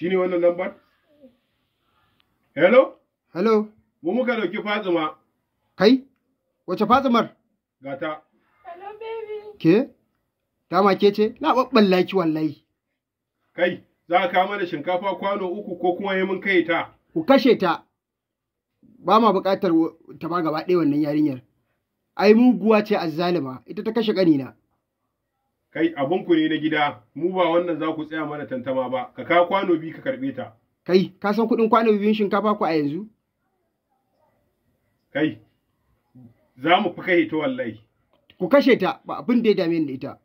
Shi ne wannan lambar? Hello? Hello? Mu muka ɗauki Fatima. Kai? Wace Fatimar? Gata. Hello baby. Ke? Dama ke ce? Na babban laki wallahi. Kai, za ka kama da shinkafa kwano uku ko kuma yi mun kai ta. Ku kashe ta. Ba ma buƙatar ta ma gaba ɗaya wannan yarinyar. Ai muguwa ce azzalima, ita ta kashe ƙanina. kai abunku ne na gida mu ba wannan za ku tsaya mana tantama ba ka ka kwano biyu ka karɓe ta kai ka san kuɗin kwano biyun shinkafa ku a yanzu kai za mu fi kai ta wallahi ku kashe ta ba abin da ya dame da ita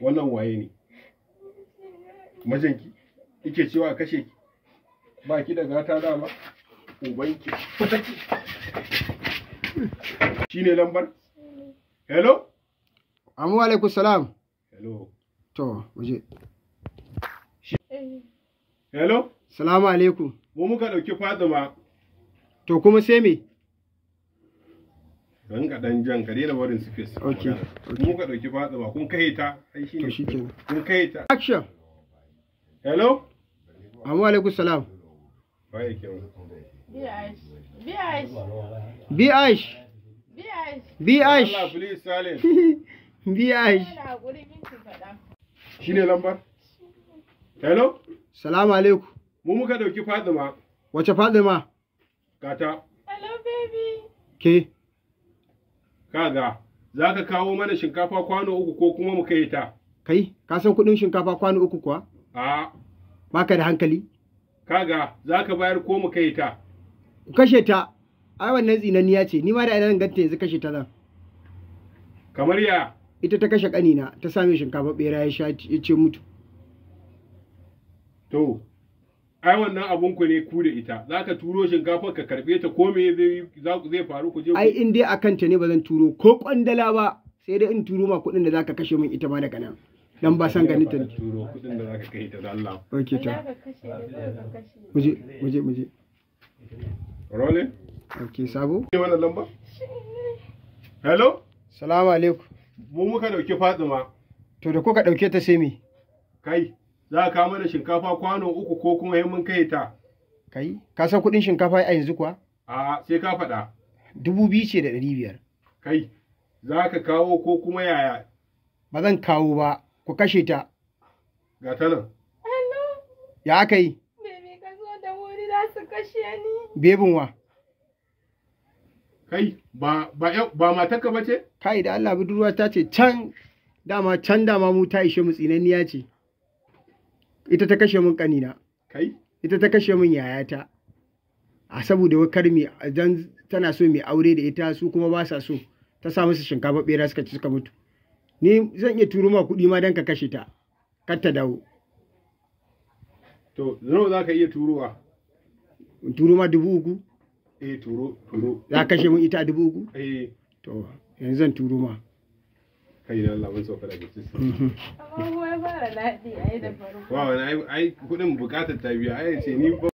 wannan waye ne mijinki ike cewa kashe ki ba ki da gata dama ubanki ku ki shi ne lambar hello Amu alaikun salam hello to waje hello salamu alaikun. mu muka dauki fatima to kuma sai me don ka dan jan ka daina barin space Ok. mu muka dauki fatima kun kai ta To, shi to kun kai ta action hello Amu alaikun salam Bi Aish. Bi Aish. Bi Aish. bi'ash bi'ash shine lambar hello salamu alaikum mu muka dauki fadima wace fadima Kata, hello baby ke kaga za ka kawo mana shinkafa kwano uku ko kuma mu kai ta kai ka san kudin shinkafa kwano uku kuwa a baka da hankali kaga za ka bayar ko mu kai ta ku kashe ta ai wannan tsinaniya ce ni ma da ina ganta yanzu kashe ta kamar ya ita ta kashe kanina ta same shinkafa bera ya sha ya ce mutu to ai wannan abun ku ne ku da ita za ka turo shinkafar ka karbe ta ko me zai faru ku je ai in dai akan ta ne ba zan turo ko kwandala ba sai dai in turo ma kuɗin da zaka kashe min ita ma daga nan dan ba san ganin ta ne turo kuɗin da zaka kai ta da Allah okay ta muje muje muje rolling ok sabo ne wannan lamba hello salamu alaikum mu muka dauke fatima to da kuka dauke ta sai me kai za ka mana shinkafa kwano uku ko kuma yin mun kai ta kai ka san kudin shinkafa a yanzu kuwa a sai ka faɗa dubu biyu ce da ɗari biyar kai za ka kawo ko kuma yaya ba zan kawo ba ku kashe ta ga ta nan ya kai? bebe ka zo da wuri za su kashe ni bebin wa kai ba ba matarka ba ce kai da Allah budurwa ta ce can dama can dama mu ta ishe mu tsinanniya ce ita ta kashe mun kanina kai ita ta kashe mun yayata a saboda wakar mi dan tana so mai aure da ita su kuma ba sa so ta sa musu shinkafa bera suka ci suka mutu ni zan iya turo ma kuɗi ma dan ka kashe ta kar ta dawo to nawa za ka iya turowa in turo ma dubu uku eh turo turo za kashe mun ita dubu uku eh to yanzu zan turo ma kai da Allah mun so sauka mhm. da bici ba wani ai ai kudin bukatar ta biya ai ce ni ba